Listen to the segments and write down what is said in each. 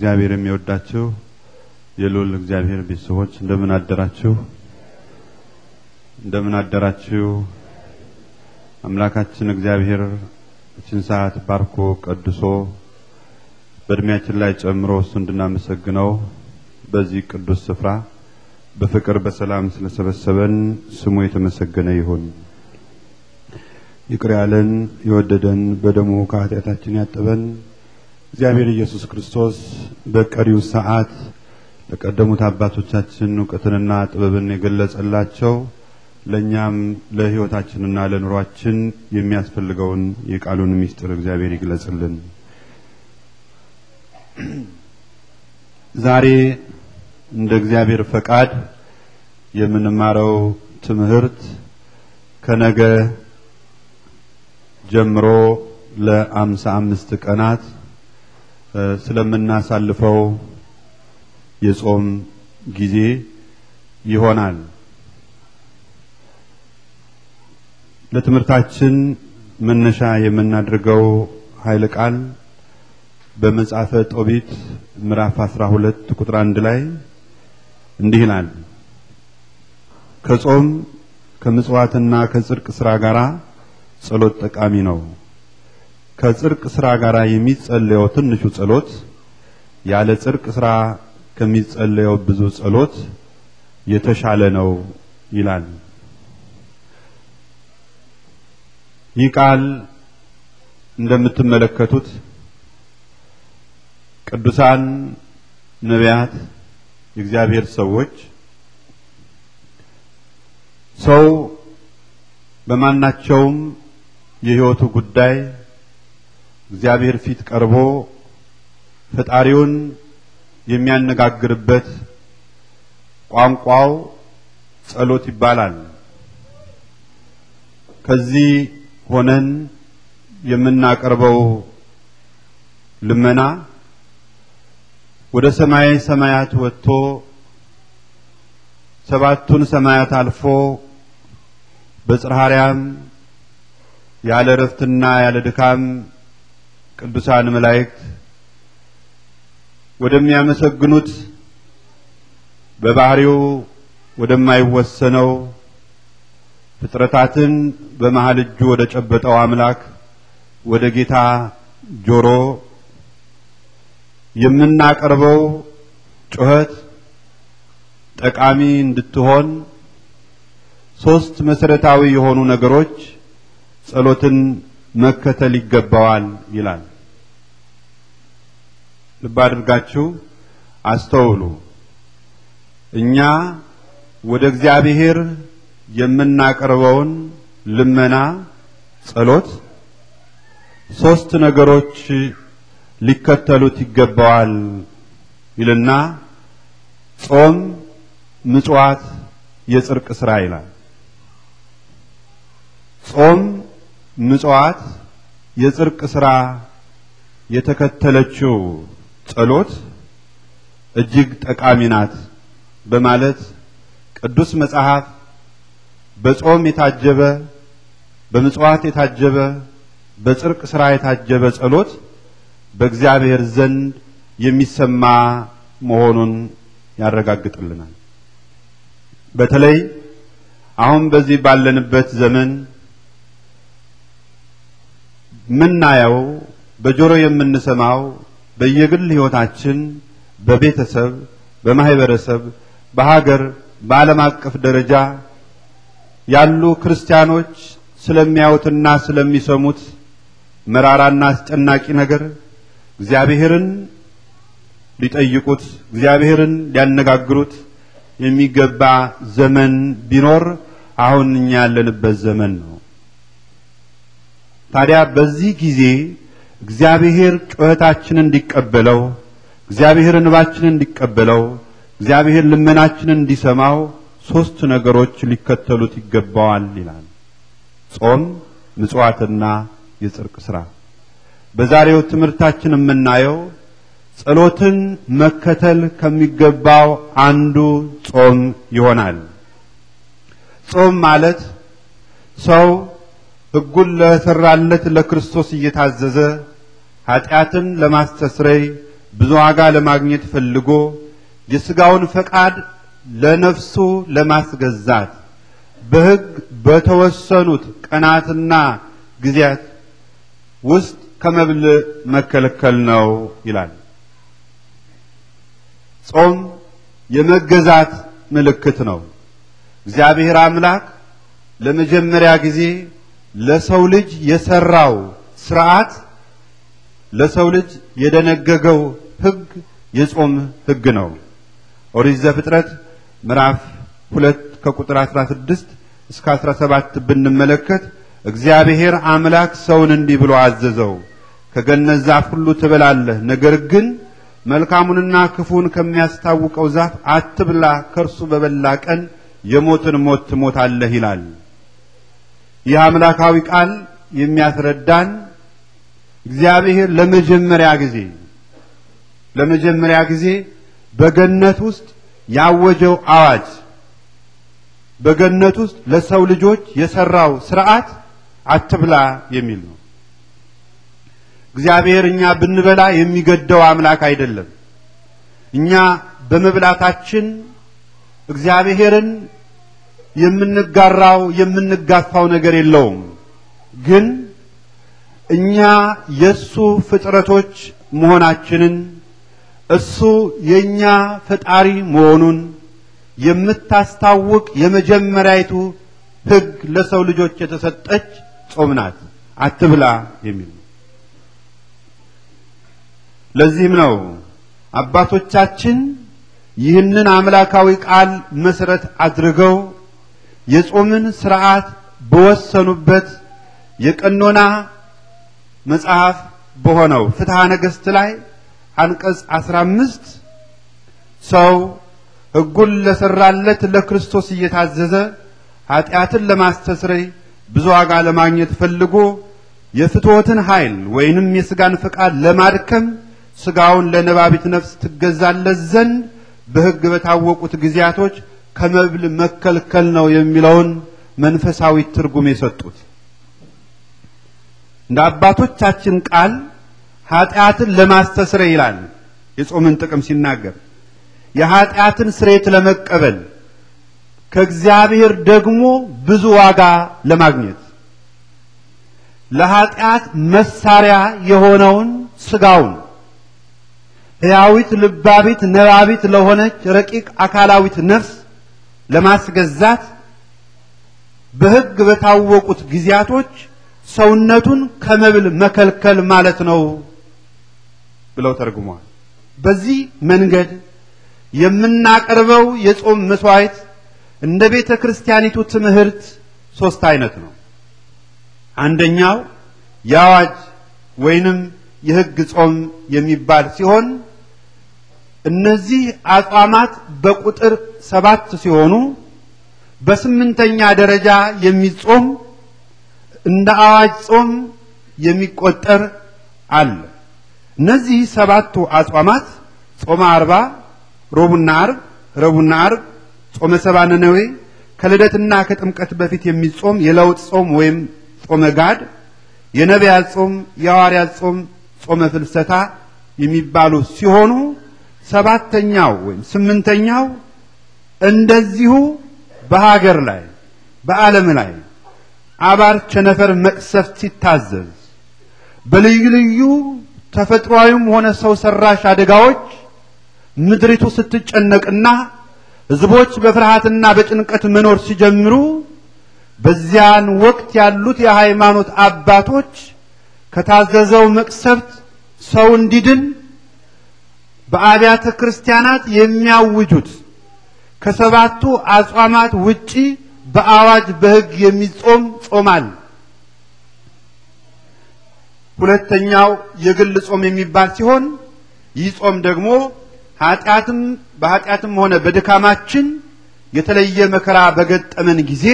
እግዚአብሔር የሚወዳችሁ የልዑል እግዚአብሔር ቤተሰቦች እንደምን አደራችሁ? እንደምን አደራችሁ? አምላካችን እግዚአብሔር እችን ሰዓት ባርኮ ቀድሶ በእድሜያችን ላይ ጨምሮ እሱ እንድናመሰግነው በዚህ ቅዱስ ስፍራ በፍቅር በሰላም ስለሰበሰበን ስሙ የተመሰገነ ይሁን። ይቅር ያለን የወደደን በደሙ ከኃጢአታችን ያጠበን እግዚአብሔር ኢየሱስ ክርስቶስ በቀሪው ሰዓት ለቀደሙት አባቶቻችን እውቀትንና ጥበብን የገለጸላቸው ለእኛም ለሕይወታችንና ለኑሯችን የሚያስፈልገውን የቃሉን ምስጢር እግዚአብሔር ይግለጽልን። ዛሬ እንደ እግዚአብሔር ፈቃድ የምንማረው ትምህርት ከነገ ጀምሮ ለአምሳ አምስት ቀናት ስለምናሳልፈው የጾም ጊዜ ይሆናል። ለትምህርታችን መነሻ የምናደርገው ኃይለ ቃል በመጽሐፈ ጦቢት ምዕራፍ 12 ቁጥር 1 ላይ እንዲህ ይላል። ከጾም ከምጽዋትና ከጽድቅ ስራ ጋራ ጸሎት ጠቃሚ ነው። ከጽርቅ ስራ ጋር የሚጸለየው ትንሹ ጸሎት ያለ ጽርቅ ስራ ከሚጸለየው ብዙ ጸሎት የተሻለ ነው ይላል። ይህ ቃል እንደምትመለከቱት ቅዱሳን ነቢያት፣ የእግዚአብሔር ሰዎች ሰው በማናቸውም የህይወቱ ጉዳይ እግዚአብሔር ፊት ቀርቦ ፈጣሪውን የሚያነጋግርበት ቋንቋው ጸሎት ይባላል። ከዚህ ሆነን የምናቀርበው ልመና ወደ ሰማይ ሰማያት ወጥቶ ሰባቱን ሰማያት አልፎ በጽርሐ አርያም ያለ እረፍትና ያለ ድካም ቅዱሳን መላእክት ወደሚያመሰግኑት በባህሪው ወደማይወሰነው ፍጥረታትን በመሃል እጁ ወደ ጨበጠው አምላክ ወደ ጌታ ጆሮ የምናቀርበው ጩኸት ጠቃሚ እንድትሆን ሶስት መሰረታዊ የሆኑ ነገሮች ጸሎትን መከተል ይገባዋል ይላል። ልብ አድርጋችሁ አስተውሉ። እኛ ወደ እግዚአብሔር የምናቀርበውን ልመና፣ ጸሎት ሶስት ነገሮች ሊከተሉት ይገባዋል ይልና ጾም፣ ምጽዋት፣ የጽርቅ ስራ ይላል። ጾም ምጽዋት፣ የጽርቅ ስራ የተከተለችው ጸሎት እጅግ ጠቃሚ ናት በማለት ቅዱስ መጽሐፍ በጾም የታጀበ በምጽዋት የታጀበ በጽርቅ ስራ የታጀበ ጸሎት በእግዚአብሔር ዘንድ የሚሰማ መሆኑን ያረጋግጥልናል። በተለይ አሁን በዚህ ባለንበት ዘመን የምናየው በጆሮ የምንሰማው በየግል ህይወታችን በቤተሰብ፣ በማህበረሰብ፣ በሀገር፣ በዓለም አቀፍ ደረጃ ያሉ ክርስቲያኖች ስለሚያዩትና ስለሚሰሙት መራራና አስጨናቂ ነገር እግዚአብሔርን ሊጠይቁት እግዚአብሔርን ሊያነጋግሩት የሚገባ ዘመን ቢኖር አሁን እኛ ያለንበት ዘመን ነው። ታዲያ በዚህ ጊዜ እግዚአብሔር ጩኸታችንን እንዲቀበለው፣ እግዚአብሔር እንባችንን እንዲቀበለው፣ እግዚአብሔር ልመናችንን እንዲሰማው ሶስት ነገሮች ሊከተሉት ይገባዋል ይላል። ጾም፣ ምጽዋትና የጽርቅ ስራ። በዛሬው ትምህርታችን የምናየው ጸሎትን መከተል ከሚገባው አንዱ ጾም ይሆናል። ጾም ማለት ሰው ሕጉን ለሠራለት ለክርስቶስ እየታዘዘ ኃጢአትን ለማስተስረይ ብዙ ዋጋ ለማግኘት ፈልጎ የሥጋውን ፈቃድ ለነፍሱ ለማስገዛት በሕግ በተወሰኑት ቀናትና ጊዜያት ውስጥ ከመብል መከልከል ነው ይላል። ጾም የመገዛት ምልክት ነው። እግዚአብሔር አምላክ ለመጀመሪያ ጊዜ ለሰው ልጅ የሰራው ስርዓት ለሰው ልጅ የደነገገው ህግ የጾም ህግ ነው። ኦሪት ዘፍጥረት ምዕራፍ ሁለት ከቁጥር 16 እስከ 17 ብንመለከት እግዚአብሔር አምላክ ሰውን እንዲህ ብሎ አዘዘው፣ ከገነት ዛፍ ሁሉ ትበላለህ፣ ነገር ግን መልካሙንና ክፉን ከሚያስታውቀው ዛፍ አትብላ፣ ከእርሱ በበላ ቀን የሞትን ሞት ትሞታለህ ይላል። የአምላካዊ ቃል የሚያስረዳን እግዚአብሔር ለመጀመሪያ ጊዜ ለመጀመሪያ ጊዜ በገነት ውስጥ ያወጀው አዋጅ በገነት ውስጥ ለሰው ልጆች የሰራው ስርዓት አትብላ የሚል ነው። እግዚአብሔር እኛ ብንበላ የሚገደው አምላክ አይደለም። እኛ በመብላታችን እግዚአብሔርን የምንጋራው የምንጋፋው ነገር የለውም። ግን እኛ የእሱ ፍጥረቶች መሆናችንን እሱ የእኛ ፈጣሪ መሆኑን የምታስታውቅ የመጀመሪያይቱ ሕግ ለሰው ልጆች የተሰጠች ጾም ናት። አትብላ የሚል ነው። ለዚህም ነው አባቶቻችን ይህንን አምላካዊ ቃል መሰረት አድርገው የጾምን ስርዓት በወሰኑበት የቀኖና መጽሐፍ በሆነው ፍትሐ ነገሥት ላይ አንቀጽ 15 ሰው ሕጉን ለሰራለት ለክርስቶስ እየታዘዘ ኃጢአትን ለማስተስረይ ብዙ ዋጋ ለማግኘት ፈልጎ የፍትወትን ኃይል ወይንም የስጋን ፈቃድ ለማድከም ስጋውን ለነባቢት ነፍስ ትገዛለት ዘንድ በሕግ በታወቁት ጊዜያቶች ከመብል መከልከል ነው የሚለውን መንፈሳዊ ትርጉም የሰጡት እንደ አባቶቻችን ቃል ኃጢአትን ለማስተስረ ይላል የጾምን ጥቅም ሲናገር የኃጢአትን ስሬት ለመቀበል ከእግዚአብሔር ደግሞ ብዙ ዋጋ ለማግኘት ለኃጢአት መሳሪያ የሆነውን ስጋውን ሕያዊት ልባቢት ነባቢት ለሆነች ረቂቅ አካላዊት ነፍስ ለማስገዛት በሕግ በታወቁት ጊዜያቶች ሰውነቱን ከመብል መከልከል ማለት ነው ብለው ተርጉመዋል። በዚህ መንገድ የምናቀርበው የጾም መስዋዕት እንደ ቤተ ክርስቲያኒቱ ትምህርት ሶስት አይነት ነው። አንደኛው የአዋጅ ወይንም የሕግ ጾም የሚባል ሲሆን እነዚህ አጽዋማት በቁጥር ሰባት ሲሆኑ በስምንተኛ ደረጃ የሚጾም እንደ አዋጅ ጾም የሚቆጠር አለ። እነዚህ ሰባቱ አጽዋማት ጾመ አርባ፣ ሮቡና አርብ፣ ረቡና አርብ፣ ጾመ ሰባ ነነዌ፣ ከልደትና ከጥምቀት በፊት የሚጾም የለውጥ ጾም ወይም ጾመ ጋድ፣ የነቢያት ጾም፣ የሐዋርያት ጾም፣ ጾመ ፍልሰታ የሚባሉ ሲሆኑ ሰባተኛው ወይም ስምንተኛው እንደዚሁ በሀገር ላይ በዓለም ላይ አባር ቸነፈር መቅሰፍት ሲታዘዝ በልዩ ልዩ ተፈጥሯዊም ሆነ ሰው ሰራሽ አደጋዎች ምድሪቱ ስትጨነቅና ህዝቦች በፍርሃትና በጭንቀት መኖር ሲጀምሩ በዚያን ወቅት ያሉት የሃይማኖት አባቶች ከታዘዘው መቅሰፍት ሰው እንዲድን በአብያተ ክርስቲያናት የሚያውጁት ከሰባቱ አጽዋማት ውጪ በአዋጅ በሕግ የሚጾም ጾማል። ሁለተኛው የግል ጾም የሚባል ሲሆን ይህ ጾም ደግሞ ኃጢአትም በኃጢአትም ሆነ በድካማችን የተለየ መከራ በገጠመን ጊዜ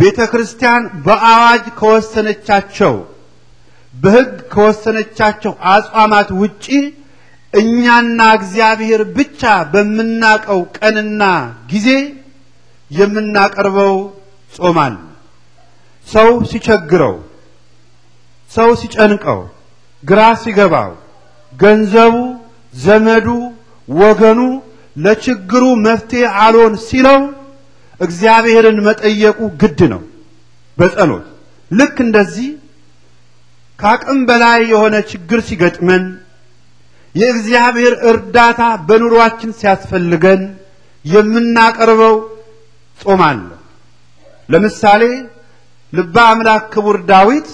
ቤተ ክርስቲያን በአዋጅ ከወሰነቻቸው በሕግ ከወሰነቻቸው አጽዋማት ውጪ እኛና እግዚአብሔር ብቻ በምናቀው ቀንና ጊዜ የምናቀርበው ጾም አለ። ሰው ሲቸግረው፣ ሰው ሲጨንቀው፣ ግራ ሲገባው፣ ገንዘቡ፣ ዘመዱ፣ ወገኑ ለችግሩ መፍትሄ አልሆን ሲለው እግዚአብሔርን መጠየቁ ግድ ነው በጸሎት ልክ እንደዚህ ከአቅም በላይ የሆነ ችግር ሲገጥመን የእግዚአብሔር እርዳታ በኑሯችን ሲያስፈልገን የምናቀርበው ጾም አለ። ለምሳሌ ልበ አምላክ ክቡር ዳዊት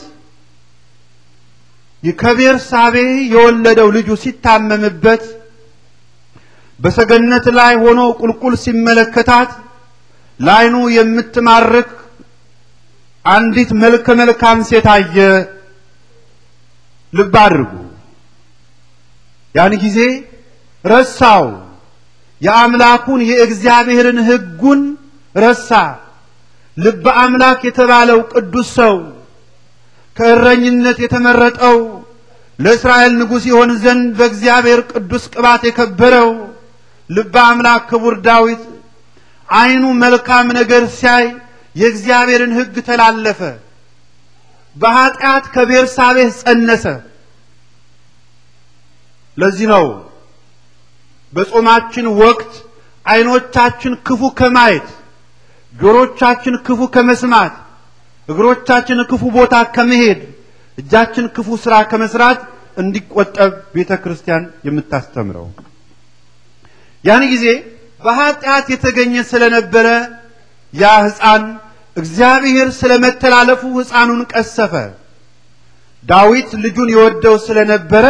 ከቤርሳቤ የወለደው ልጁ ሲታመምበት በሰገነት ላይ ሆኖ ቁልቁል ሲመለከታት ላይኑ የምትማርክ አንዲት መልከ መልካም ሴት አየ። ልብ አድርጉ። ያን ጊዜ ረሳው። የአምላኩን የእግዚአብሔርን ሕጉን ረሳ። ልበ አምላክ የተባለው ቅዱስ ሰው ከእረኝነት የተመረጠው ለእስራኤል ንጉሥ ይሆን ዘንድ በእግዚአብሔር ቅዱስ ቅባት የከበረው ልበ አምላክ ክቡር ዳዊት አይኑ መልካም ነገር ሲያይ የእግዚአብሔርን ሕግ ተላለፈ። በኃጢአት ከቤርሳቤህ ጸነሰ። ለዚህ ነው በጾማችን ወቅት አይኖቻችን ክፉ ከማየት፣ ጆሮቻችን ክፉ ከመስማት፣ እግሮቻችን ክፉ ቦታ ከመሄድ፣ እጃችን ክፉ ስራ ከመስራት እንዲቆጠብ ቤተ ክርስቲያን የምታስተምረው። ያን ጊዜ በኃጢአት የተገኘ ስለነበረ ያ ሕፃን እግዚአብሔር ስለ መተላለፉ ሕፃኑን ቀሰፈ። ዳዊት ልጁን የወደው ስለነበረ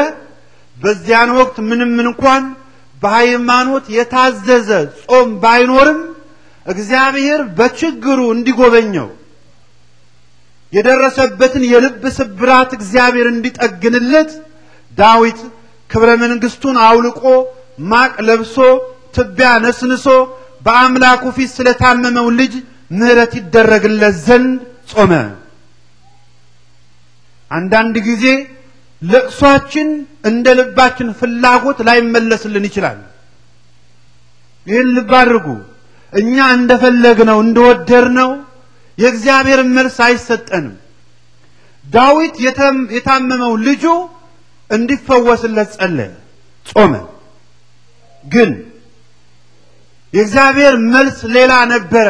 በዚያን ወቅት ምንም እንኳን በሃይማኖት የታዘዘ ጾም ባይኖርም እግዚአብሔር በችግሩ እንዲጎበኘው የደረሰበትን የልብ ስብራት እግዚአብሔር እንዲጠግንለት ዳዊት ክብረ መንግስቱን አውልቆ ማቅ ለብሶ ትቢያ ነስንሶ በአምላኩ ፊት ስለታመመው ልጅ ምሕረት ይደረግለት ዘንድ ጾመ። አንዳንድ ጊዜ ለቅሷችን እንደ ልባችን ፍላጎት ላይመለስልን ይችላል። ይህን ልብ አድርጉ። እኛ እንደፈለግነው ነው የእግዚአብሔር መልስ አይሰጠንም። ዳዊት የታመመው ልጁ እንዲፈወስለት ጸለየ፣ ጾመ። ግን የእግዚአብሔር መልስ ሌላ ነበረ።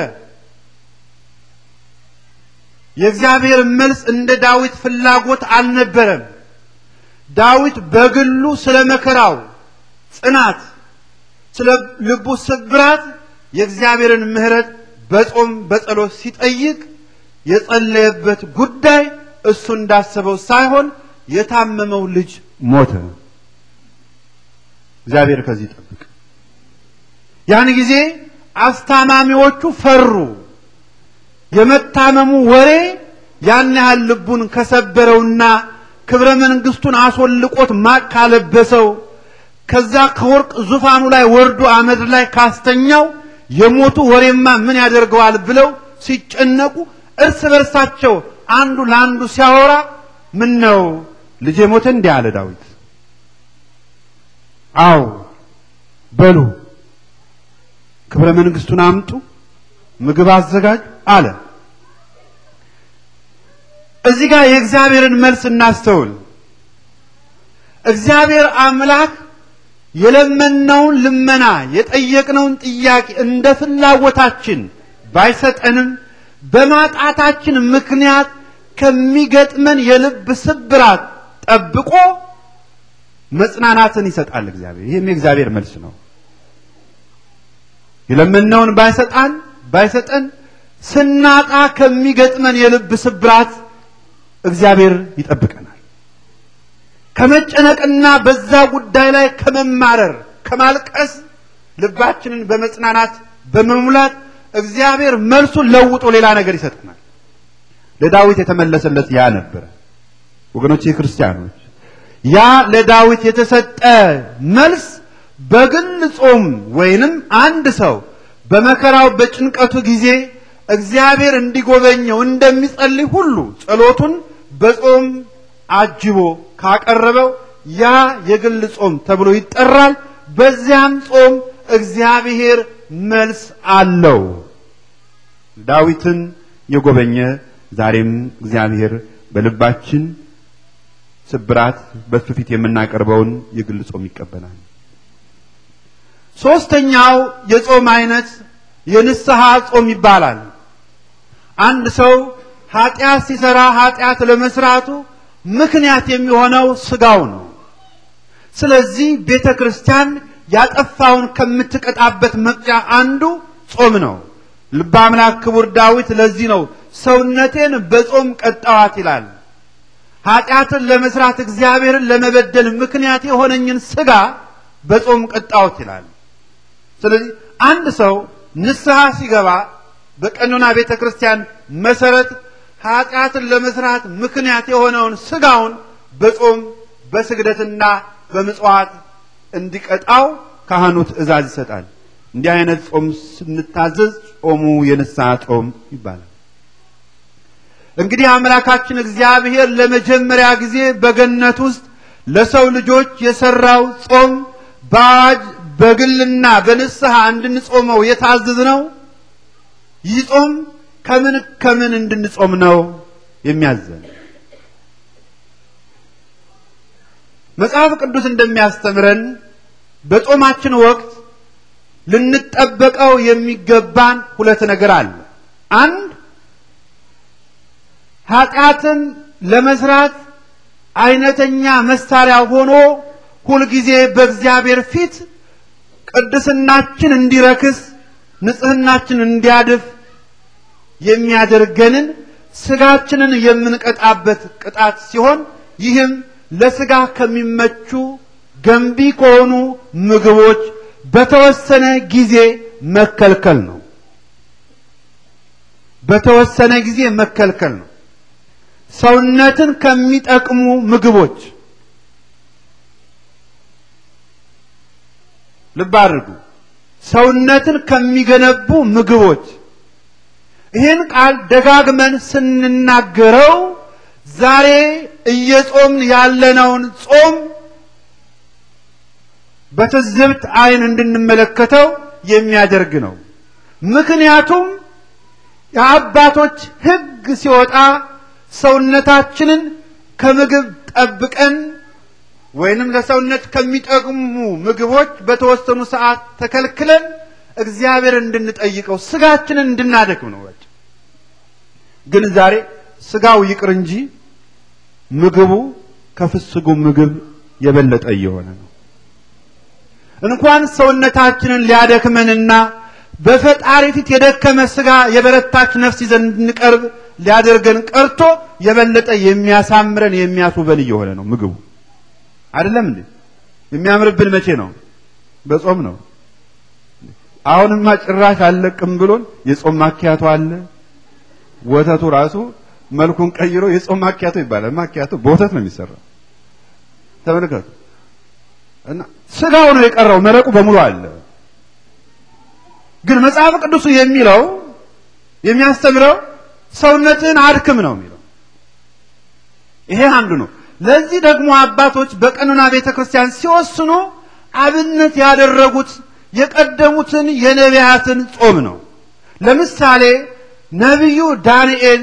የእግዚአብሔር መልስ እንደ ዳዊት ፍላጎት አልነበረም። ዳዊት በግሉ ስለ መከራው ጽናት፣ ስለ ልቡ ስብራት የእግዚአብሔርን ምሕረት በጾም በጸሎት ሲጠይቅ የጸለየበት ጉዳይ እሱ እንዳሰበው ሳይሆን የታመመው ልጅ ሞተ። እግዚአብሔር ከዚህ ይጠብቅ። ያን ጊዜ አስታማሚዎቹ ፈሩ። የመታመሙ ወሬ ያን ያህል ልቡን ከሰበረውና ክብረ መንግስቱን አስወልቆት ማቅ ካለበሰው ከዛ ከወርቅ ዙፋኑ ላይ ወርዶ አመድ ላይ ካስተኛው የሞቱ ወሬማ ምን ያደርገዋል ብለው ሲጨነቁ እርስ በርሳቸው አንዱ ለአንዱ ሲያወራ ምን ነው ልጄ ሞተ እንዲህ አለ ዳዊት። አው በሉ ክብረ መንግስቱን አምጡ፣ ምግብ አዘጋጁ አለ። እዚህ ጋር የእግዚአብሔርን መልስ እናስተውል። እግዚአብሔር አምላክ የለመነውን ልመና የጠየቅነውን ጥያቄ እንደ ፍላጎታችን ባይሰጠንም በማጣታችን ምክንያት ከሚገጥመን የልብ ስብራት ጠብቆ መጽናናትን ይሰጣል እግዚአብሔር። ይህም የእግዚአብሔር መልስ ነው። የለመነውን ባይሰጣን ባይሰጠን ስናጣ ከሚገጥመን የልብ ስብራት እግዚአብሔር ይጠብቀናል። ከመጨነቅና በዛ ጉዳይ ላይ ከመማረር፣ ከማልቀስ ልባችንን በመጽናናት በመሙላት እግዚአብሔር መልሱን ለውጦ ሌላ ነገር ይሰጠናል። ለዳዊት የተመለሰለት ያ ነበረ። ወገኖች ክርስቲያኖች፣ ያ ለዳዊት የተሰጠ መልስ በግል ጾም ወይንም አንድ ሰው በመከራው በጭንቀቱ ጊዜ እግዚአብሔር እንዲጎበኘው እንደሚጸልይ ሁሉ ጸሎቱን በጾም አጅቦ ካቀረበው ያ የግል ጾም ተብሎ ይጠራል። በዚያም ጾም እግዚአብሔር መልስ አለው። ዳዊትን የጎበኘ ዛሬም እግዚአብሔር በልባችን ስብራት በሱ ፊት የምናቀርበውን የግል ጾም ይቀበላል። ሶስተኛው የጾም አይነት የንስሐ ጾም ይባላል። አንድ ሰው ኃጢአት ሲሰራ ኃጢአት ለመስራቱ ምክንያት የሚሆነው ስጋው ነው። ስለዚህ ቤተ ክርስቲያን ያጠፋውን ከምትቀጣበት መቅጫ አንዱ ጾም ነው። ልበ አምላክ ክቡር ዳዊት ለዚህ ነው ሰውነቴን በጾም ቀጣዋት ይላል። ኃጢአትን ለመስራት እግዚአብሔርን ለመበደል ምክንያት የሆነኝን ስጋ በጾም ቀጣሁት ይላል። ስለዚህ አንድ ሰው ንስሐ ሲገባ በቀኖና ቤተ ክርስቲያን መሰረት ኃጢአትን ለመስራት ምክንያት የሆነውን ስጋውን በጾም በስግደትና በምጽዋት እንዲቀጣው ካህኑ ትእዛዝ ይሰጣል። እንዲህ አይነት ጾም ስንታዘዝ ጾሙ የንስሐ ጾም ይባላል። እንግዲህ አምላካችን እግዚአብሔር ለመጀመሪያ ጊዜ በገነት ውስጥ ለሰው ልጆች የሰራው ጾም በአዋጅ በግልና በንስሐ እንድንጾመው የታዘዝ ነው። ይህ ጾም ከምን ከምን እንድንጾም ነው የሚያዘን? መጽሐፍ ቅዱስ እንደሚያስተምረን በጾማችን ወቅት ልንጠበቀው የሚገባን ሁለት ነገር አለ። አንድ ኃጢአትን ለመስራት አይነተኛ መሳሪያ ሆኖ ሁልጊዜ በእግዚአብሔር ፊት ቅድስናችን እንዲረክስ ንጽህናችን እንዲያድፍ የሚያደርገንን ስጋችንን የምንቀጣበት ቅጣት ሲሆን ይህም ለስጋ ከሚመቹ ገንቢ ከሆኑ ምግቦች በተወሰነ ጊዜ መከልከል ነው። በተወሰነ ጊዜ መከልከል ነው። ሰውነትን ከሚጠቅሙ ምግቦች ልብ አድርጉ። ሰውነትን ከሚገነቡ ምግቦች ይህን ቃል ደጋግመን ስንናገረው ዛሬ እየጾምን ያለነውን ጾም በትዝብት አይን እንድንመለከተው የሚያደርግ ነው። ምክንያቱም የአባቶች ሕግ ሲወጣ ሰውነታችንን ከምግብ ጠብቀን ወይንም ለሰውነት ከሚጠቅሙ ምግቦች በተወሰኑ ሰዓት ተከልክለን እግዚአብሔር እንድንጠይቀው ስጋችንን እንድናደክም ነው። ግን ዛሬ ስጋው ይቅር እንጂ ምግቡ ከፍስጉ ምግብ የበለጠ እየሆነ ነው። እንኳን ሰውነታችንን ሊያደክመንና በፈጣሪ ፊት የደከመ ስጋ የበረታች ነፍስ ይዘን እንድንቀርብ ሊያደርገን ቀርቶ የበለጠ የሚያሳምረን የሚያስውበን እየሆነ ነው ምግቡ። አይደለም እንዴ? የሚያምርብን መቼ ነው? በጾም ነው። አሁንማ ጭራሽ አለቅም ብሎን የጾም ማኪያቶ አለ ወተቱ ራሱ መልኩን ቀይሮ የጾም ማኪያቶ ይባላል። ማኪያቶ በወተት ነው የሚሰራው። ተመልከቱ እና ስጋው ነው የቀረው፣ መረቁ በሙሉ አለ። ግን መጽሐፍ ቅዱሱ የሚለው የሚያስተምረው ሰውነትን አድክም ነው የሚለው። ይሄ አንዱ ነው። ለዚህ ደግሞ አባቶች በቀኖና ቤተክርስቲያን ሲወስኑ አብነት ያደረጉት የቀደሙትን የነቢያትን ጾም ነው። ለምሳሌ ነቢዩ ዳንኤል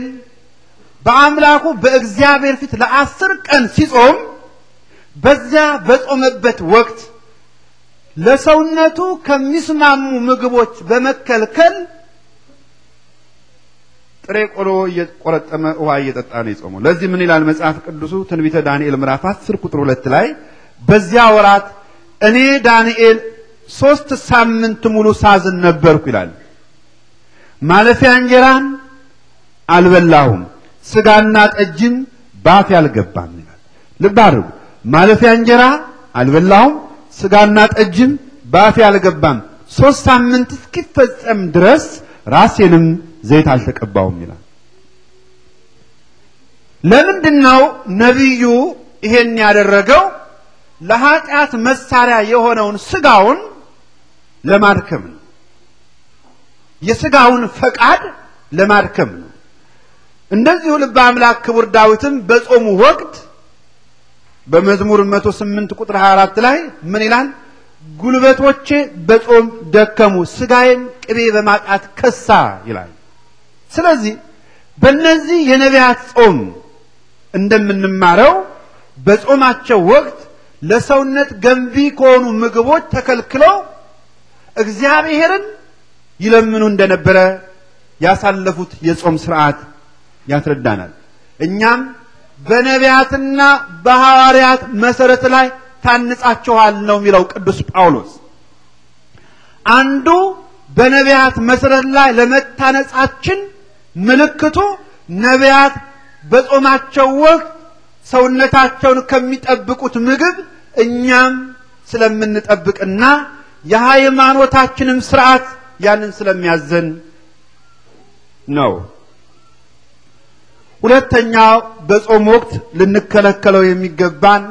በአምላኩ በእግዚአብሔር ፊት ለአስር ቀን ሲጾም በዚያ በጾመበት ወቅት ለሰውነቱ ከሚስማሙ ምግቦች በመከልከል ጥሬ ቆሎ እየቆረጠመ ውሃ እየጠጣ ነው የጾመው። ለዚህ ምን ይላል መጽሐፍ ቅዱሱ? ትንቢተ ዳንኤል ምዕራፍ አስር ቁጥር ሁለት ላይ በዚያ ወራት እኔ ዳንኤል ሶስት ሳምንት ሙሉ ሳዝን ነበርኩ ይላል። ማለፊያ እንጀራን አልበላሁም፣ ስጋና ጠጅም ባፍ ያልገባም ይላል። ልብ አድርጉ። ማለፊያ እንጀራ አልበላሁም፣ ስጋና ጠጅም ባፍ ያልገባም፣ ሶስት ሳምንት እስኪፈጸም ድረስ ራሴንም ዘይት አልተቀባውም ይላል። ለምንድን ነው ነቢዩ ይሄን ያደረገው? ለኃጢአት መሳሪያ የሆነውን ስጋውን ለማድከም ነው። የስጋውን ፈቃድ ለማድከም ነው። እንደዚሁ ልበ አምላክ ክቡር ዳዊትም በጾሙ ወቅት በመዝሙር 108 ቁጥር 24 ላይ ምን ይላል? ጉልበቶቼ በጾም ደከሙ፣ ስጋዬም ቅቤ በማጣት ከሳ ይላል። ስለዚህ በእነዚህ የነቢያት ጾም እንደምንማረው በጾማቸው ወቅት ለሰውነት ገንቢ ከሆኑ ምግቦች ተከልክለው እግዚአብሔርን ይለምኑ እንደነበረ ያሳለፉት የጾም ስርዓት ያስረዳናል። እኛም በነቢያትና በሐዋርያት መሰረት ላይ ታንጻችኋል ነው የሚለው ቅዱስ ጳውሎስ። አንዱ በነቢያት መሰረት ላይ ለመታነጻችን ምልክቱ ነቢያት በጾማቸው ወቅት ሰውነታቸውን ከሚጠብቁት ምግብ እኛም ስለምንጠብቅና የሃይማኖታችንም ስርዓት ያንን ስለሚያዘን ነው። ሁለተኛው በጾም ወቅት ልንከለከለው የሚገባን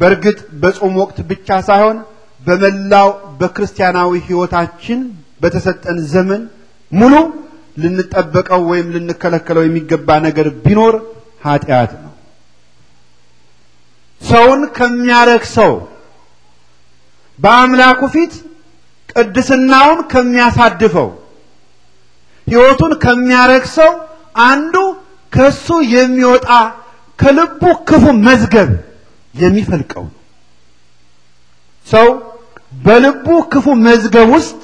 በእርግጥ በጾም ወቅት ብቻ ሳይሆን በመላው በክርስቲያናዊ ህይወታችን በተሰጠን ዘመን ሙሉ ልንጠበቀው ወይም ልንከለከለው የሚገባ ነገር ቢኖር ኃጢአት ነው። ሰውን ከሚያረክሰው በአምላኩ ፊት ቅድስናውን ከሚያሳድፈው ሕይወቱን ከሚያረክሰው አንዱ ከሱ የሚወጣ ከልቡ ክፉ መዝገብ የሚፈልቀው ነው። ሰው በልቡ ክፉ መዝገብ ውስጥ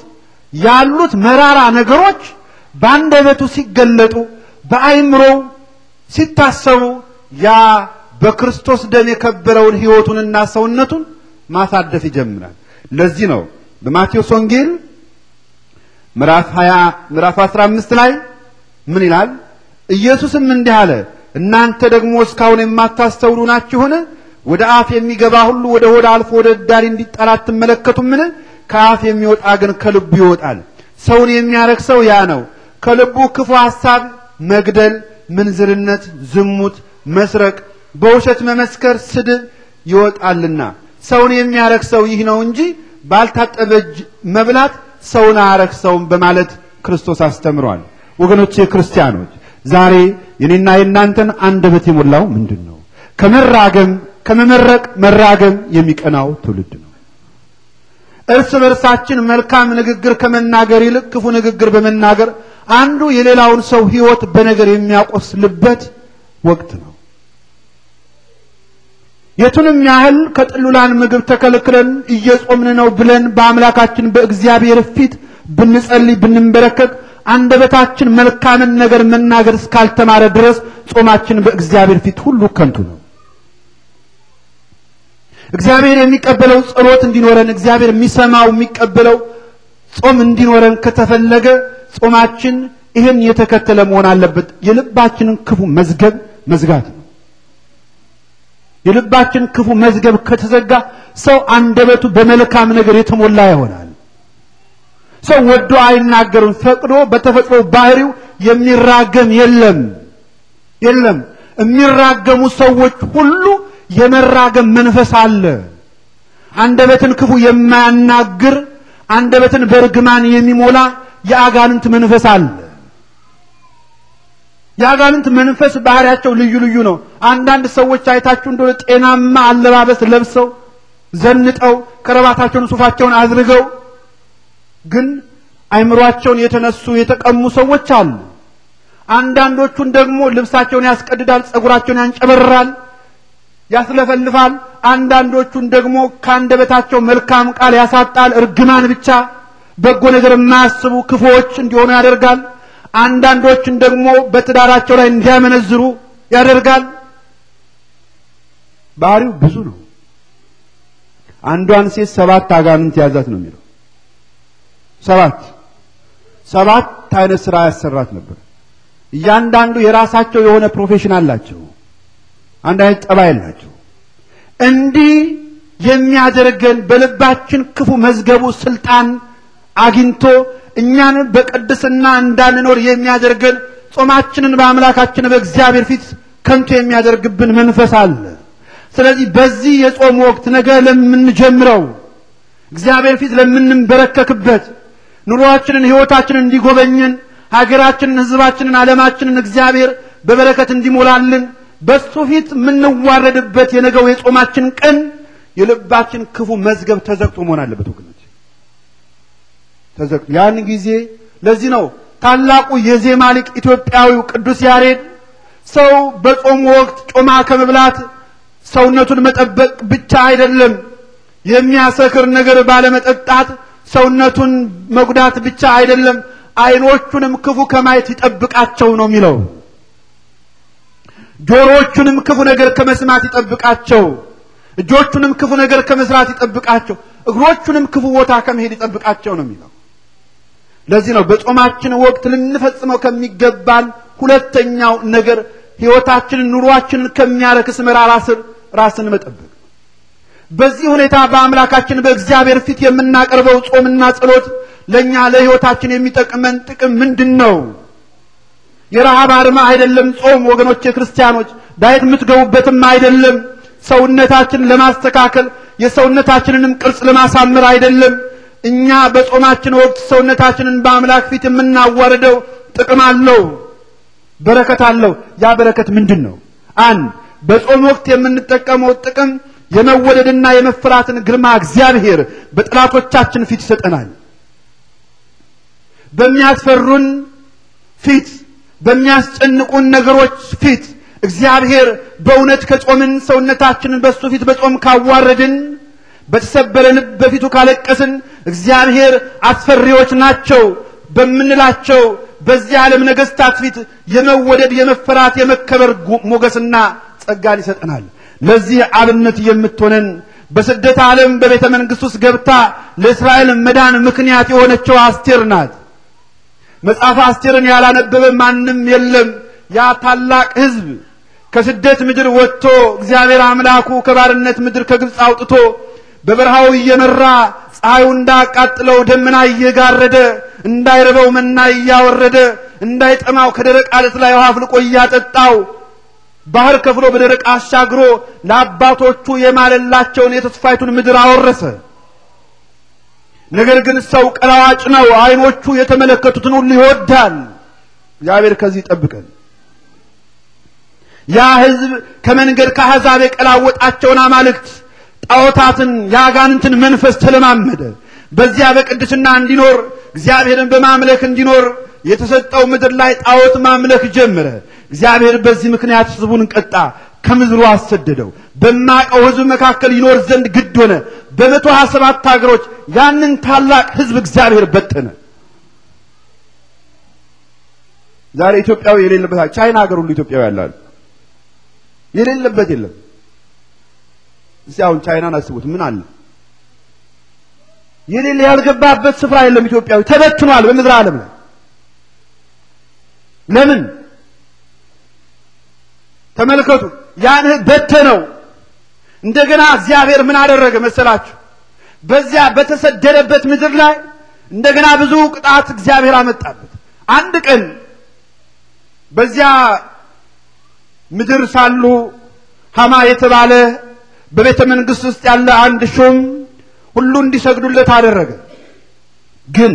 ያሉት መራራ ነገሮች በአንደበቱ ሲገለጡ፣ በአይምሮው ሲታሰቡ ያ በክርስቶስ ደም የከበረውን ሕይወቱንና ሰውነቱን ማሳደፍ ይጀምራል። ለዚህ ነው በማቴዎስ ወንጌል ምዕራፍ 20 ምዕራፍ 15 ላይ ምን ይላል? ኢየሱስም እንዲህ አለ፣ እናንተ ደግሞ እስካሁን የማታስተውሉ ናችሁን? ወደ አፍ የሚገባ ሁሉ ወደ ሆድ አልፎ ወደ እዳሪ እንዲጣል አትመለከቱምን? ከአፍ የሚወጣ ግን ከልቡ ይወጣል። ሰውን የሚያረክሰው ያ ነው። ከልቡ ክፉ ሐሳብ፣ መግደል፣ ምንዝርነት፣ ዝሙት፣ መስረቅ፣ በውሸት መመስከር፣ ስድብ ይወጣልና ሰውን የሚያረክሰው ይህ ነው እንጂ ባልታጠበ እጅ መብላት ሰውን አያረክሰውም በማለት ክርስቶስ አስተምሯል። ወገኖቼ ክርስቲያኖች፣ ዛሬ የኔና የእናንተን አንደበት የሞላው ምንድን ነው? ከመራገም ከመመረቅ መራገም የሚቀናው ትውልድ ነው። እርስ በርሳችን መልካም ንግግር ከመናገር ይልቅ ክፉ ንግግር በመናገር አንዱ የሌላውን ሰው ሕይወት በነገር የሚያቆስልበት ወቅት ነው። የቱንም ያህል ከጥሉላን ምግብ ተከልክለን እየጾምን ነው ብለን በአምላካችን በእግዚአብሔር ፊት ብንጸልይ ብንንበረከክ አንደበታችን መልካምን ነገር መናገር እስካልተማረ ድረስ ጾማችን በእግዚአብሔር ፊት ሁሉ ከንቱ ነው። እግዚአብሔር የሚቀበለው ጸሎት እንዲኖረን፣ እግዚአብሔር የሚሰማው የሚቀበለው ጾም እንዲኖረን ከተፈለገ ጾማችን ይህን የተከተለ መሆን አለበት። የልባችንን ክፉ መዝገብ መዝጋት ነው። የልባችን ክፉ መዝገብ ከተዘጋ ሰው አንደበቱ በመልካም ነገር የተሞላ ይሆናል። ሰው ወዶ አይናገርም፣ ፈቅዶ በተፈጥሮ ባህሪው የሚራገም የለም የለም። የሚራገሙ ሰዎች ሁሉ የመራገም መንፈስ አለ። አንደበትን ክፉ የማያናግር አንደበትን በርግማን የሚሞላ የአጋንንት መንፈስ አለ። የአጋንንት መንፈስ ባህሪያቸው ልዩ ልዩ ነው። አንዳንድ ሰዎች አይታችሁ እንደሆነ ጤናማ አለባበስ ለብሰው ዘንጠው ከረባታቸውን ሱፋቸውን አድርገው ግን አይምሯቸውን የተነሱ የተቀሙ ሰዎች አሉ። አንዳንዶቹን ደግሞ ልብሳቸውን ያስቀድዳል፣ ጸጉራቸውን ያንጨበርራል፣ ያስለፈልፋል። አንዳንዶቹን ደግሞ ከአንደበታቸው መልካም ቃል ያሳጣል፣ እርግማን ብቻ፣ በጎ ነገር የማያስቡ ክፉዎች እንዲሆኑ ያደርጋል። አንዳንዶችን ደግሞ በትዳራቸው ላይ እንዲያመነዝሩ ያደርጋል። ባህሪው ብዙ ነው። አንዷን ሴት ሰባት አጋንንት ያዛት ነው የሚለው። ሰባት ሰባት አይነት ስራ ያሰራት ነበር። እያንዳንዱ የራሳቸው የሆነ ፕሮፌሽን አላቸው። አንድ አይነት ጠባይ አላቸው። እንዲህ የሚያደርገን በልባችን ክፉ መዝገቡ ስልጣን አግኝቶ እኛን በቅድስና እንዳንኖር የሚያደርገን ጾማችንን በአምላካችን በእግዚአብሔር ፊት ከንቱ የሚያደርግብን መንፈስ አለ። ስለዚህ በዚህ የጾም ወቅት ነገ ለምንጀምረው እግዚአብሔር ፊት ለምንበረከክበት ኑሯችንን፣ ሕይወታችንን እንዲጎበኝን ሀገራችንን፣ ሕዝባችንን፣ ዓለማችንን እግዚአብሔር በበረከት እንዲሞላልን በሱ ፊት የምንዋረድበት የነገው የጾማችን ቀን የልባችን ክፉ መዝገብ ተዘግቶ መሆን አለበት ወገን ተዘግቶ ያን ጊዜ ለዚህ ነው ታላቁ የዜማ ሊቅ ኢትዮጵያዊው ቅዱስ ያሬድ ሰው በጾም ወቅት ጮማ ከመብላት ሰውነቱን መጠበቅ ብቻ አይደለም፣ የሚያሰክር ነገር ባለመጠጣት ሰውነቱን መጉዳት ብቻ አይደለም፣ አይኖቹንም ክፉ ከማየት ይጠብቃቸው ነው የሚለው። ጆሮዎቹንም ክፉ ነገር ከመስማት ይጠብቃቸው፣ እጆቹንም ክፉ ነገር ከመስራት ይጠብቃቸው፣ እግሮቹንም ክፉ ቦታ ከመሄድ ይጠብቃቸው ነው የሚለው። ለዚህ ነው በጾማችን ወቅት ልንፈጽመው ከሚገባን ሁለተኛው ነገር ህይወታችንን ኑሯችንን ከሚያረክስ መራራ ስር ራስን መጠበቅ። በዚህ ሁኔታ በአምላካችን በእግዚአብሔር ፊት የምናቀርበው ጾምና ጸሎት ለእኛ ለህይወታችን የሚጠቅመን ጥቅም ምንድን ነው? የረሃብ አርማ አይደለም ጾም ወገኖች ክርስቲያኖች ዳየት የምትገቡበትም አይደለም። ሰውነታችን ለማስተካከል የሰውነታችንንም ቅርጽ ለማሳመር አይደለም። እኛ በጾማችን ወቅት ሰውነታችንን በአምላክ ፊት የምናዋርደው ጥቅም አለው፣ በረከት አለው። ያ በረከት ምንድን ነው? አንድ በጾም ወቅት የምንጠቀመው ጥቅም የመወደድና የመፈራትን ግርማ እግዚአብሔር በጠላቶቻችን ፊት ይሰጠናል። በሚያስፈሩን ፊት፣ በሚያስጨንቁን ነገሮች ፊት እግዚአብሔር በእውነት ከጾምን ሰውነታችንን በእሱ ፊት በጾም ካዋረድን በተሰበረን በፊቱ ካለቀስን እግዚአብሔር አስፈሪዎች ናቸው በምንላቸው በዚህ ዓለም ነገሥታት ፊት የመወደድ የመፈራት የመከበር ሞገስና ጸጋን ይሰጠናል። ለዚህ አብነት የምትሆነን በስደት ዓለም በቤተ መንግሥት ውስጥ ገብታ ለእስራኤል መዳን ምክንያት የሆነችው አስቴር ናት። መጽሐፈ አስቴርን ያላነበበ ማንም የለም። ያ ታላቅ ሕዝብ ከስደት ምድር ወጥቶ እግዚአብሔር አምላኩ ከባርነት ምድር ከግብፅ አውጥቶ በበረሃው እየመራ ፀሐዩ እንዳቃጥለው ደመና እየጋረደ እንዳይርበው መና እያወረደ እንዳይጠማው ከደረቅ አለት ላይ ውሃ አፍልቆ እያጠጣው ባህር ከፍሎ በደረቅ አሻግሮ ለአባቶቹ የማለላቸውን የተስፋይቱን ምድር አወረሰ። ነገር ግን ሰው ቀላዋጭ ነው። አይኖቹ የተመለከቱትን ሁሉ ይወዳል። እግዚአብሔር ከዚህ ይጠብቀን። ያ ህዝብ ከመንገድ ከአሕዛብ የቀላወጣቸውን አማልክት ጣዖታትን የአጋንንትን መንፈስ ተለማመደ። በዚያ በቅድስና እንዲኖር እግዚአብሔርን በማምለክ እንዲኖር የተሰጠው ምድር ላይ ጣዖት ማምለክ ጀመረ። እግዚአብሔር በዚህ ምክንያት ሕዝቡን ቀጣ፣ ከምድሩ አሰደደው። በማቀው ሕዝብ መካከል ይኖር ዘንድ ግድ ሆነ። በመቶ ሀያ ሰባት አገሮች ያንን ታላቅ ሕዝብ እግዚአብሔር በተነ። ዛሬ ኢትዮጵያዊ የሌለበት ቻይና ሀገር ሁሉ ኢትዮጵያዊ ያላሉ የሌለበት የለም። እስቲ አሁን ቻይናን አስቡት። ምን አለ የሌለ ያልገባበት ስፍራ የለም። ኢትዮጵያዊ ተበትኗል በምድር ዓለም ላይ ለምን ተመልከቱ። ያን በተነው። እንደገና እግዚአብሔር ምን አደረገ መሰላችሁ? በዚያ በተሰደደበት ምድር ላይ እንደገና ብዙ ቅጣት እግዚአብሔር አመጣበት። አንድ ቀን በዚያ ምድር ሳሉ ሐማ የተባለ በቤተ መንግስት ውስጥ ያለ አንድ ሹም ሁሉ እንዲሰግዱለት አደረገ። ግን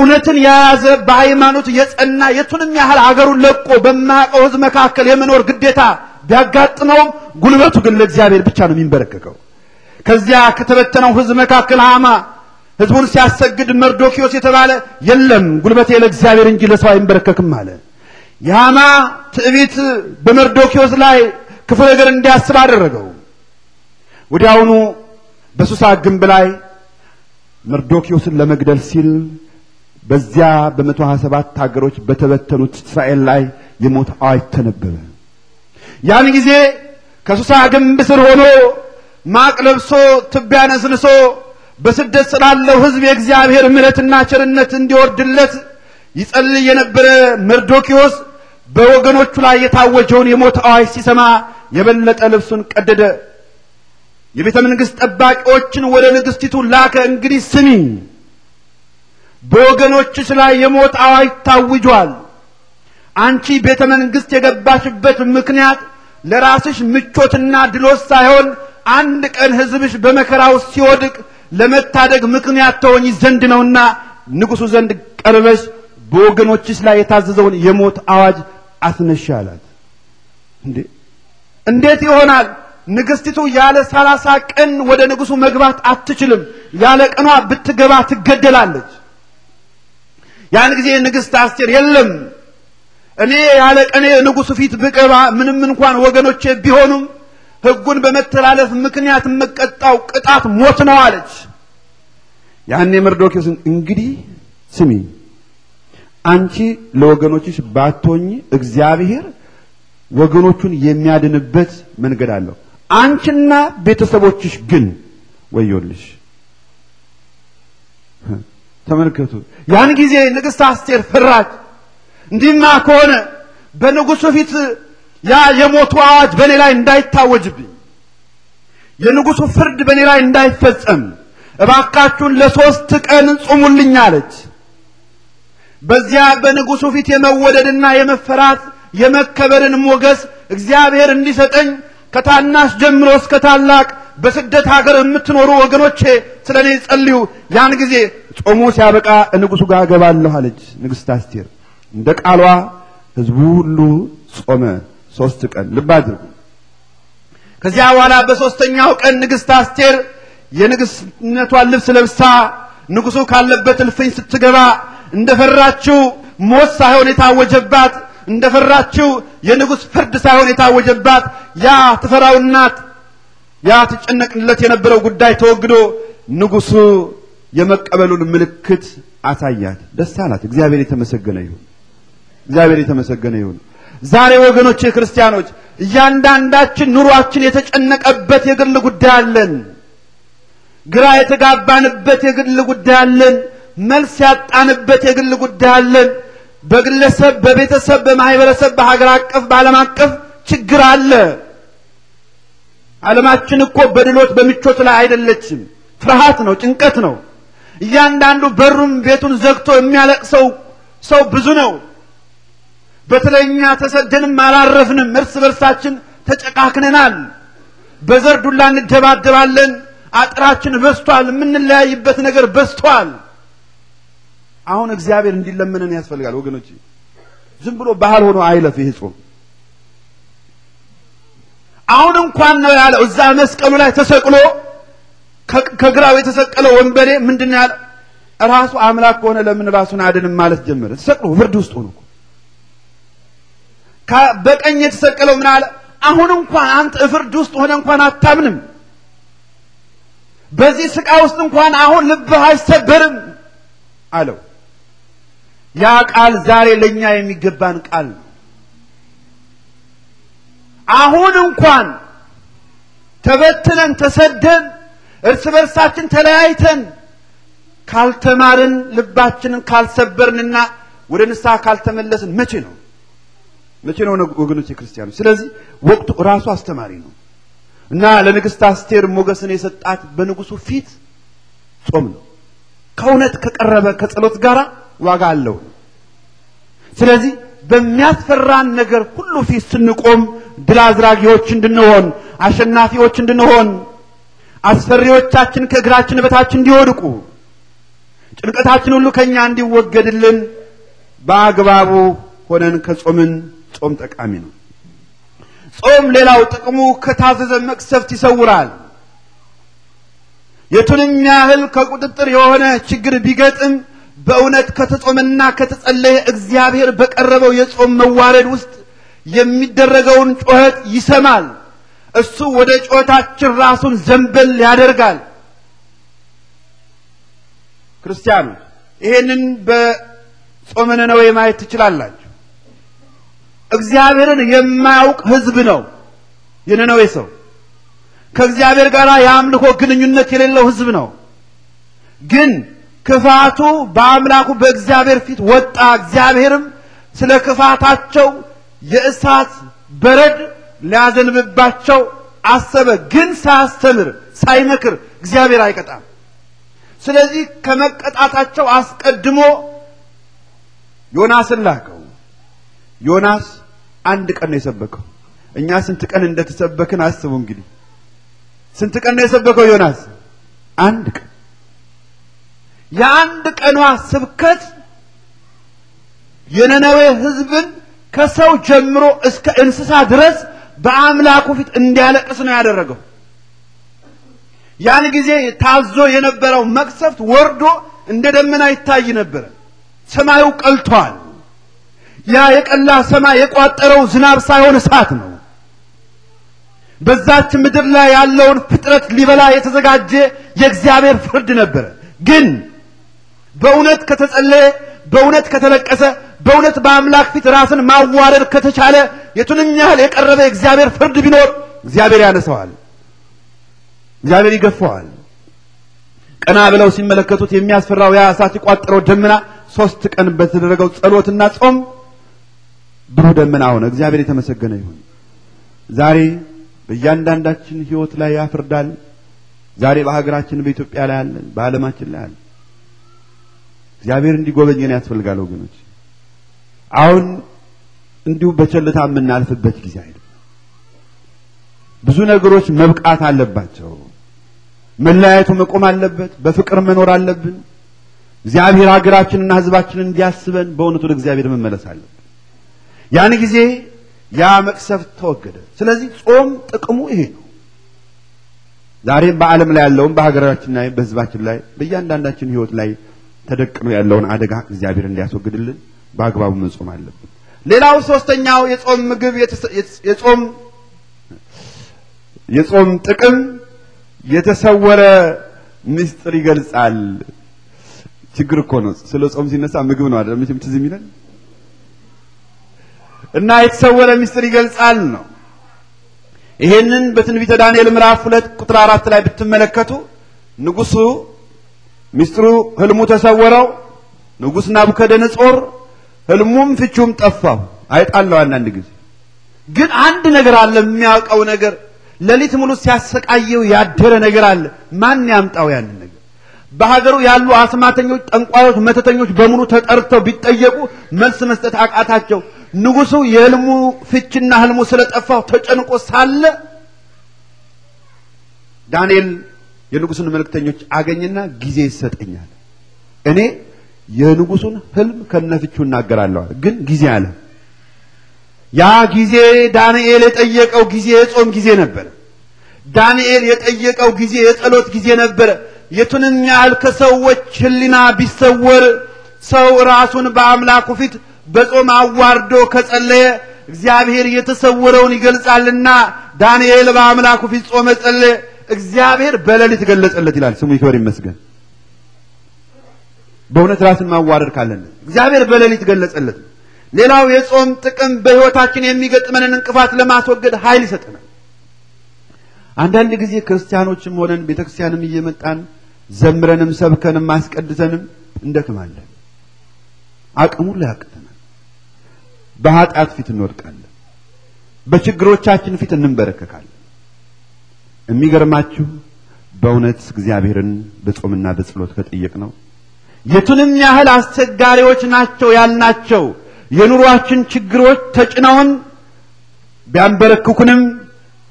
እውነትን የያዘ በሃይማኖት የጸና የቱንም ያህል አገሩን ለቆ በማያውቀው ህዝብ መካከል የመኖር ግዴታ ቢያጋጥመውም ጉልበቱ ግን ለእግዚአብሔር ብቻ ነው የሚንበረከከው። ከዚያ ከተበተነው ህዝብ መካከል አማ ህዝቡን ሲያሰግድ መርዶኪዎስ የተባለ የለም ጉልበቴ ለእግዚአብሔር እንጂ ለሰው አይንበረከክም አለ። የሐማ ትዕቢት በመርዶኪዎስ ላይ ክፉ ነገር እንዲያስብ አደረገው። ወዲያውኑ በሱሳ ግንብ ላይ መርዶኪዎስን ለመግደል ሲል በዚያ በመቶ ሀያ ሰባት ሀገሮች በተበተኑት እስራኤል ላይ የሞት አዋጅ ተነበበ። ያን ጊዜ ከሱሳ ግንብ ስር ሆኖ ማቅ ለብሶ ትቢያ ነስንሶ በስደት ስላለው ህዝብ የእግዚአብሔር ምረትና ቸርነት እንዲወርድለት ይጸልይ የነበረ መርዶኪዎስ በወገኖቹ ላይ የታወጀውን የሞት አዋጅ ሲሰማ የበለጠ ልብሱን ቀደደ። የቤተ መንግሥት ጠባቂዎችን ወደ ንግሥቲቱ ላከ። እንግዲህ ስሚ፣ በወገኖችሽ ላይ የሞት አዋጅ ታውጇል። አንቺ ቤተ መንግሥት የገባሽበት ምክንያት ለራስሽ ምቾትና ድሎት ሳይሆን አንድ ቀን ሕዝብሽ በመከራው ሲወድቅ ለመታደግ ምክንያት ተሆኝ ዘንድ ነውና ንጉሡ ዘንድ ቀርበሽ በወገኖችሽ ላይ የታዘዘውን የሞት አዋጅ አስነሻ አላት። እንዴ እንዴት ይሆናል? ንግስቲቱ ያለ ሰላሳ ቀን ወደ ንጉሱ መግባት አትችልም። ያለ ቀኗ ብትገባ ትገደላለች። ያን ጊዜ ንግስት አስቴር የለም እኔ ያለ ቀኔ ንጉሱ ፊት ብገባ ምንም እንኳን ወገኖቼ ቢሆኑም ሕጉን በመተላለፍ ምክንያት የምቀጣው ቅጣት ሞት ነው አለች። ያኔ መርዶክዮስ እንግዲህ ስሚ አንቺ ለወገኖችሽ ባቶኝ እግዚአብሔር ወገኖቹን የሚያድንበት መንገድ አለው። አንቺና ቤተሰቦችሽ ግን ወዮልሽ። ተመልከቱ። ያን ጊዜ ንግሥት አስቴር ፈራች። እንዲህማ ከሆነ በንጉሱ ፊት ያ የሞቱ አዋጅ በእኔ ላይ እንዳይታወጅብኝ፣ የንጉሱ ፍርድ በእኔ ላይ እንዳይፈጸም እባካችሁን ለሶስት ቀን ጹሙልኝ አለች። በዚያ በንጉሱ ፊት የመወደድና የመፈራት የመከበርን ሞገስ እግዚአብሔር እንዲሰጠኝ ከታናሽ ጀምሮ እስከ ታላቅ በስደት ሀገር የምትኖሩ ወገኖቼ ስለ እኔ ጸልዩ። ያን ጊዜ ጾሙ ሲያበቃ ንጉሡ ጋር እገባለሁ አለች ንግሥት አስቴር። እንደ ቃሏ ህዝቡ ሁሉ ጾመ ሶስት ቀን። ልብ አድርጉ። ከዚያ በኋላ በሶስተኛው ቀን ንግሥት አስቴር የንግሥትነቷን ልብስ ለብሳ ንጉሡ ካለበት እልፍኝ ስትገባ እንደፈራችው ሞት ሳይሆን የታወጀባት እንደፈራችው የንጉሥ ፍርድ ሳይሆን የታወጀባት ያ ትፈራውናት ያ ትጨነቅለት የነበረው ጉዳይ ተወግዶ ንጉሱ የመቀበሉን ምልክት አሳያት። ደስ አላት። እግዚአብሔር የተመሰገነ ይሁን። እግዚአብሔር የተመሰገነ ይሁን። ዛሬ ወገኖች ክርስቲያኖች፣ እያንዳንዳችን ኑሯችን የተጨነቀበት የግል ጉዳይ አለን። ግራ የተጋባንበት የግል ጉዳይ አለን። መልስ ያጣንበት የግል ጉዳይ አለን። በግለሰብ በቤተሰብ በማህበረሰብ በሀገር አቀፍ በዓለም አቀፍ ችግር አለ። ዓለማችን እኮ በድሎት በምቾት ላይ አይደለችም። ፍርሃት ነው፣ ጭንቀት ነው። እያንዳንዱ በሩም ቤቱን ዘግቶ የሚያለቅሰው ሰው ብዙ ነው። በተለይኛ ተሰደንም አላረፍንም። እርስ በርሳችን ተጨቃክነናል። በዘር ዱላ እንደባደባለን። አጥራችን በስቷል የምንለያይበት ነገር በዝቷል። አሁን እግዚአብሔር እንዲለምነን ያስፈልጋል ወገኖች። ዝም ብሎ ባህል ሆኖ አይለፍ ይህ ጾም። አሁን እንኳን ነው ያለው እዛ መስቀሉ ላይ ተሰቅሎ ከግራው የተሰቀለ ወንበዴ ምንድን ነው ያለው? ራሱ አምላክ ከሆነ ለምን ራሱን አድንም ማለት ጀመረ። ተሰቅሎ ፍርድ ውስጥ ሆኖ በቀኝ የተሰቀለው ምን አለ? አሁን እንኳን አንተ እፍርድ ውስጥ ሆነ እንኳን አታምንም። በዚህ ስቃይ ውስጥ እንኳን አሁን ልብህ አይሰበርም አለው። ያ ቃል ዛሬ ለእኛ የሚገባን ቃል ነው። አሁን እንኳን ተበትነን ተሰደን እርስ በርሳችን ተለያይተን ካልተማርን ልባችንን ካልሰበርንና ወደ ንስሐ ካልተመለስን መቼ ነው መቼ ነው ወገኖች የክርስቲያኖች ስለዚህ ወቅቱ ራሱ አስተማሪ ነው እና ለንግሥት አስቴር ሞገስን የሰጣት በንጉሱ ፊት ጾም ነው። ከእውነት ከቀረበ ከጸሎት ጋር ዋጋ አለው። ስለዚህ በሚያስፈራን ነገር ሁሉ ፊት ስንቆም ድል አዝራጊዎች እንድንሆን፣ አሸናፊዎች እንድንሆን፣ አስፈሪዎቻችን ከእግራችን በታች እንዲወድቁ፣ ጭንቀታችን ሁሉ ከእኛ እንዲወገድልን በአግባቡ ሆነን ከጾምን ጾም ጠቃሚ ነው። ጾም ሌላው ጥቅሙ ከታዘዘ መቅሰፍት ይሰውራል። የቱንም ያህል ከቁጥጥር የሆነ ችግር ቢገጥም በእውነት ከተጾመና ከተጸለየ እግዚአብሔር በቀረበው የጾም መዋረድ ውስጥ የሚደረገውን ጩኸት ይሰማል። እሱ ወደ ጩኸታችን ራሱን ዘንበል ያደርጋል። ክርስቲያኑ ይሄንን በጾመ ነው ማየት ትችላላችሁ። እግዚአብሔርን የማያውቅ ህዝብ ነው የነነዌ ሰው። ከእግዚአብሔር ጋር የአምልኮ ግንኙነት የሌለው ህዝብ ነው። ግን ክፋቱ በአምላኩ በእግዚአብሔር ፊት ወጣ። እግዚአብሔርም ስለ ክፋታቸው የእሳት በረድ ሊያዘንብባቸው አሰበ። ግን ሳያስተምር ሳይመክር እግዚአብሔር አይቀጣም። ስለዚህ ከመቀጣታቸው አስቀድሞ ዮናስን ላከው። ዮናስ አንድ ቀን ነው የሰበከው። እኛ ስንት ቀን እንደተሰበክን አስቡ እንግዲህ ስንት ቀን ነው የሰበከው ዮናስ? አንድ ቀን። የአንድ ቀኗ ስብከት የነነዌ ሕዝብን ከሰው ጀምሮ እስከ እንስሳ ድረስ በአምላኩ ፊት እንዲያለቅስ ነው ያደረገው። ያን ጊዜ ታዞ የነበረው መቅሰፍት ወርዶ እንደ ደመና ይታይ ነበረ። ሰማዩ ቀልቷል። ያ የቀላ ሰማይ የቋጠረው ዝናብ ሳይሆን እሳት ነው። በዛች ምድር ላይ ያለውን ፍጥረት ሊበላ የተዘጋጀ የእግዚአብሔር ፍርድ ነበረ። ግን በእውነት ከተጸለየ፣ በእውነት ከተለቀሰ፣ በእውነት በአምላክ ፊት ራስን ማዋረድ ከተቻለ የቱንም ያህል የቀረበ የእግዚአብሔር ፍርድ ቢኖር እግዚአብሔር ያነሰዋል፣ እግዚአብሔር ይገፋዋል። ቀና ብለው ሲመለከቱት የሚያስፈራው ያ እሳት የቋጠረው ደመና ሶስት ቀን በተደረገው ጸሎትና ጾም ብሩህ ደመና ሆነ። እግዚአብሔር የተመሰገነ ይሁን ዛሬ በእያንዳንዳችን ህይወት ላይ ያፍርዳል። ዛሬ በሀገራችን በኢትዮጵያ ላይ አለን፣ በዓለማችን ላይ አለን። እግዚአብሔር እንዲጎበኘን ያስፈልጋል ወገኖች። አሁን እንዲሁ በቸልታ የምናልፍበት ጊዜ አይደለም። ብዙ ነገሮች መብቃት አለባቸው። መለያየቱ መቆም አለበት። በፍቅር መኖር አለብን። እግዚአብሔር ሀገራችንና ህዝባችንን እንዲያስበን በእውነት ወደ እግዚአብሔር መመለስ አለብን። ያን ጊዜ ያ መቅሰፍት ተወገደ። ስለዚህ ጾም ጥቅሙ ይሄ ነው። ዛሬም በዓለም ላይ ያለውን በሀገራችን ላይ በሕዝባችን ላይ በእያንዳንዳችን ሕይወት ላይ ተደቅኖ ያለውን አደጋ እግዚአብሔር እንዲያስወግድልን በአግባቡ መጾም አለብን። ሌላው ሶስተኛው የጾም ምግብ የጾም የጾም ጥቅም የተሰወረ ምስጢር ይገልጻል። ችግር እኮ ነው። ስለ ጾም ሲነሳ ምግብ ነው አይደል? መቼም ትዝ የሚለን እና የተሰወረ ሚስጥር ይገልጻል ነው። ይሄንን በትንቢተ ዳንኤል ምዕራፍ ሁለት ቁጥር አራት ላይ ብትመለከቱ ንጉሱ ሚስጥሩ ህልሙ ተሰወረው። ንጉሥ ናቡከደነጾር ህልሙም ፍቹም ጠፋው። አይጣለው አንዳንድ ጊዜ ግን አንድ ነገር አለ የሚያውቀው ነገር ሌሊት ሙሉ ሲያሰቃየው ያደረ ነገር አለ። ማን ያምጣው ያንን ነገር? በሀገሩ ያሉ አስማተኞች፣ ጠንቋዮች፣ መተተኞች በሙሉ ተጠርተው ቢጠየቁ መልስ መስጠት አቃታቸው። ንጉሱ የህልሙ ፍችና ህልሙ ስለጠፋው ተጨንቆ ሳለ ዳንኤል የንጉሱን መልእክተኞች አገኝና ጊዜ ይሰጠኛል፣ እኔ የንጉሱን ህልም ከነፍቹ እናገራለሁ፣ ግን ጊዜ አለ። ያ ጊዜ ዳንኤል የጠየቀው ጊዜ የጾም ጊዜ ነበረ። ዳንኤል የጠየቀው ጊዜ የጸሎት ጊዜ ነበረ። የቱንም ያህል ከሰዎች ህሊና ቢሰወር ሰው ራሱን በአምላኩ ፊት በጾም አዋርዶ ከጸለየ እግዚአብሔር የተሰወረውን ይገልጻልና ዳንኤል በአምላኩ ፊት ጾመ ጸለየ፣ እግዚአብሔር በሌሊት ገለጸለት ይላል። ስሙ ይክበር ይመስገን። በእውነት ራስን ማዋረድ ካለን እግዚአብሔር በሌሊት ገለጸለት። ሌላው የጾም ጥቅም በሕይወታችን የሚገጥመንን እንቅፋት ለማስወገድ ኃይል ይሰጠናል። አንዳንድ ጊዜ ክርስቲያኖችም ሆነን ክርስቲያንም እየመጣን ዘምረንም ሰብከንም አስቀድሰንም እንደክማለን። አቅሙ ላይ በኃጢአት ፊት እንወድቃለን፣ በችግሮቻችን ፊት እንንበረከካለን። የሚገርማችሁ በእውነት እግዚአብሔርን በጾምና በጸሎት ከጠየቅ ነው የቱንም ያህል አስቸጋሪዎች ናቸው ያልናቸው የኑሯችን ችግሮች ተጭነውን ቢያንበረክኩንም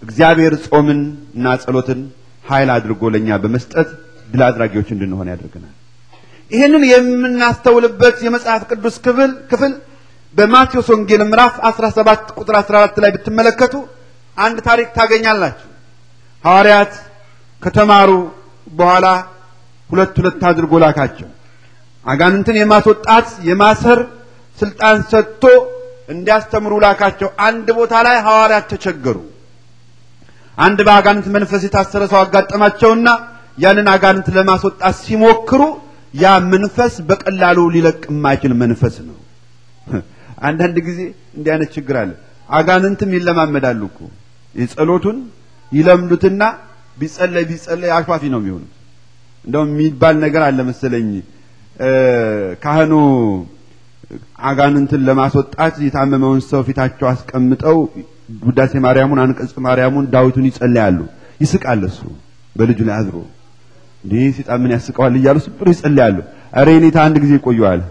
እግዚአብሔር ጾምን እና ጸሎትን ኃይል አድርጎ ለእኛ በመስጠት ድል አድራጊዎች እንድንሆን ያደርገናል። ይህንን የምናስተውልበት የመጽሐፍ ቅዱስ ክፍል ክፍል በማቴዎስ ወንጌል ምዕራፍ 17 ቁጥር 14 ላይ ብትመለከቱ አንድ ታሪክ ታገኛላችሁ። ሐዋርያት ከተማሩ በኋላ ሁለት ሁለት አድርጎ ላካቸው። አጋንንትን የማስወጣት የማሰር ስልጣን ሰጥቶ እንዲያስተምሩ ላካቸው። አንድ ቦታ ላይ ሐዋርያት ተቸገሩ። አንድ በአጋንንት መንፈስ የታሰረ ሰው አጋጠማቸውና ያንን አጋንንት ለማስወጣት ሲሞክሩ ያ መንፈስ በቀላሉ ሊለቅ የማይችል መንፈስ ነው። አንዳንድ ጊዜ እንዲህ አይነት ችግር አለ። አጋንንትም ይለማመዳሉ እኮ የጸሎቱን ይለምዱትና ቢጸለይ ቢጸለይ አሽዋፊ ነው የሚሆኑት። እንደውም የሚባል ነገር አለ መሰለኝ ካህኑ አጋንንትን ለማስወጣት የታመመውን ሰው ፊታቸው አስቀምጠው ውዳሴ ማርያሙን፣ አንቀጽ ማርያሙን፣ ዳዊቱን ይጸለያሉ። ይስቃል እሱ በልጁ ላይ አድሮ እንዲህ ሲጣምን ያስቀዋል እያሉ ስብር ይጸለያሉ። ኧረ የኔታ አንድ ጊዜ ይቆየዋል።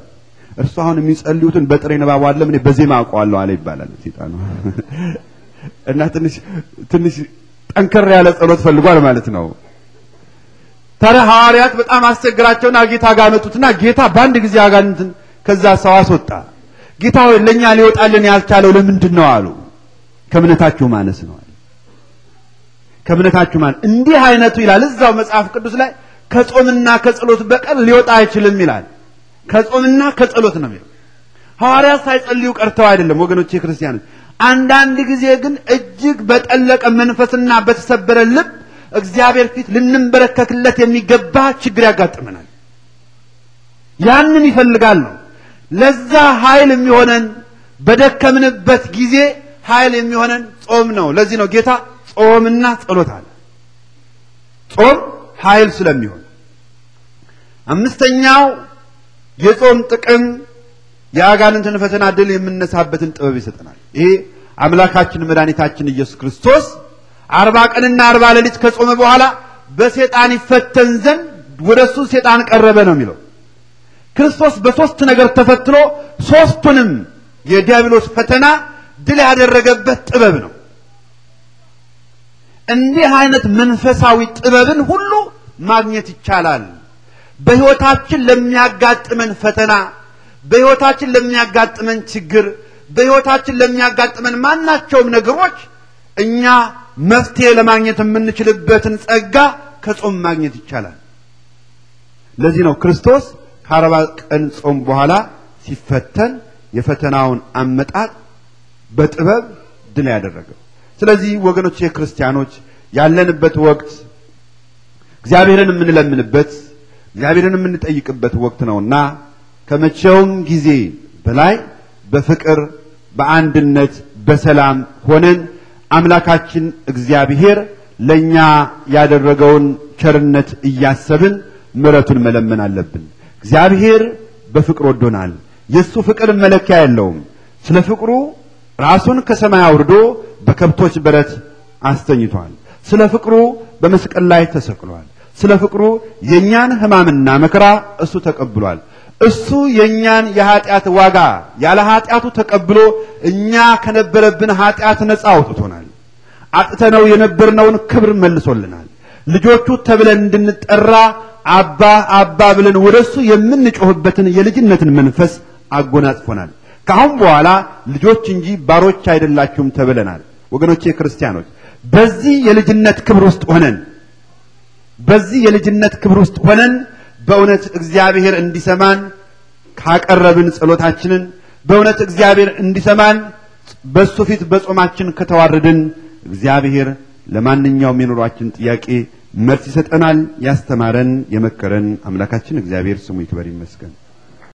እርሱ አሁን የሚጸልዩትን በጥሬ ንባብ አለ ምን በዜማ አውቀዋለሁ አለ ይባላል። ሲጣኑ እና ትንሽ ትንሽ ጠንከር ያለ ጸሎት ፈልጓል ማለት ነው። ታዲያ ሐዋርያት በጣም አስቸግራቸውና ጌታ ጋር መጡትና ጌታ በአንድ ጊዜ አጋንንትን ከዛ ሰው አስወጣ። ጌታ ሆይ ለኛ ሊወጣልን ያልቻለው ለምንድን ነው አሉ። ከእምነታችሁ ማነስ ነው አለ። ከእምነታችሁ ማነስ እንዲህ አይነቱ ይላል እዛው መጽሐፍ ቅዱስ ላይ ከጾምና ከጸሎት በቀር ሊወጣ አይችልም ይላል። ከጾምና ከጸሎት ነው የሚለው። ሐዋርያት ሳይጸልዩ ቀርተው አይደለም ወገኖች ክርስቲያኖች። አንዳንድ ጊዜ ግን እጅግ በጠለቀ መንፈስና በተሰበረ ልብ እግዚአብሔር ፊት ልንበረከክለት የሚገባ ችግር ያጋጥመናል። ያንን ይፈልጋል ነው። ለዛ ኃይል የሚሆነን በደከምንበት ጊዜ ኃይል የሚሆነን ጾም ነው። ለዚህ ነው ጌታ ጾምና ጸሎት አለ። ጾም ኃይል ስለሚሆን አምስተኛው የጾም ጥቅም የአጋንንትን ፈተና ድል የምነሳበትን ጥበብ ይሰጠናል። ይሄ አምላካችን መድኃኒታችን ኢየሱስ ክርስቶስ አርባ ቀንና አርባ ሌሊት ከጾመ በኋላ በሴጣን ይፈተን ዘንድ ወደ እሱ ሴጣን ቀረበ ነው የሚለው። ክርስቶስ በሶስት ነገር ተፈትኖ ሶስቱንም የዲያብሎስ ፈተና ድል ያደረገበት ጥበብ ነው። እንዲህ አይነት መንፈሳዊ ጥበብን ሁሉ ማግኘት ይቻላል። በሕይወታችን ለሚያጋጥመን ፈተና፣ በሕይወታችን ለሚያጋጥመን ችግር፣ በሕይወታችን ለሚያጋጥመን ማናቸውም ነገሮች እኛ መፍትሄ ለማግኘት የምንችልበትን ጸጋ ከጾም ማግኘት ይቻላል። ለዚህ ነው ክርስቶስ ከአረባ ቀን ጾም በኋላ ሲፈተን የፈተናውን አመጣጥ በጥበብ ድል ያደረገው። ስለዚህ ወገኖች፣ የክርስቲያኖች ያለንበት ወቅት እግዚአብሔርን የምንለምንበት እግዚአብሔርን የምንጠይቅበት ወቅት ነውና ከመቼውም ጊዜ በላይ በፍቅር፣ በአንድነት፣ በሰላም ሆነን አምላካችን እግዚአብሔር ለእኛ ያደረገውን ቸርነት እያሰብን ምረቱን መለመን አለብን። እግዚአብሔር በፍቅር ወዶናል። የእሱ ፍቅር መለኪያ የለውም። ስለ ፍቅሩ ራሱን ከሰማይ አውርዶ በከብቶች በረት አስተኝቷል። ስለ ፍቅሩ በመስቀል ላይ ተሰቅሏል። ስለ ፍቅሩ የእኛን ህማምና መከራ እሱ ተቀብሏል። እሱ የእኛን የኃጢአት ዋጋ ያለ ኃጢአቱ ተቀብሎ እኛ ከነበረብን ኃጢአት ነፃ አውጥቶናል። አጥተነው የነበርነውን ክብር መልሶልናል። ልጆቹ ተብለን እንድንጠራ አባ አባ ብለን ወደ እሱ የምንጮህበትን የልጅነትን መንፈስ አጎናጽፎናል። ከአሁን በኋላ ልጆች እንጂ ባሮች አይደላችሁም ተብለናል። ወገኖቼ ክርስቲያኖች፣ በዚህ የልጅነት ክብር ውስጥ ሆነን በዚህ የልጅነት ክብር ውስጥ ሆነን በእውነት እግዚአብሔር እንዲሰማን ካቀረብን ጸሎታችንን በእውነት እግዚአብሔር እንዲሰማን በእሱ ፊት በጾማችን ከተዋረድን እግዚአብሔር ለማንኛውም የኑሯችን ጥያቄ መልስ ይሰጠናል። ያስተማረን የመከረን አምላካችን እግዚአብሔር ስሙ ይክበር ይመስገን።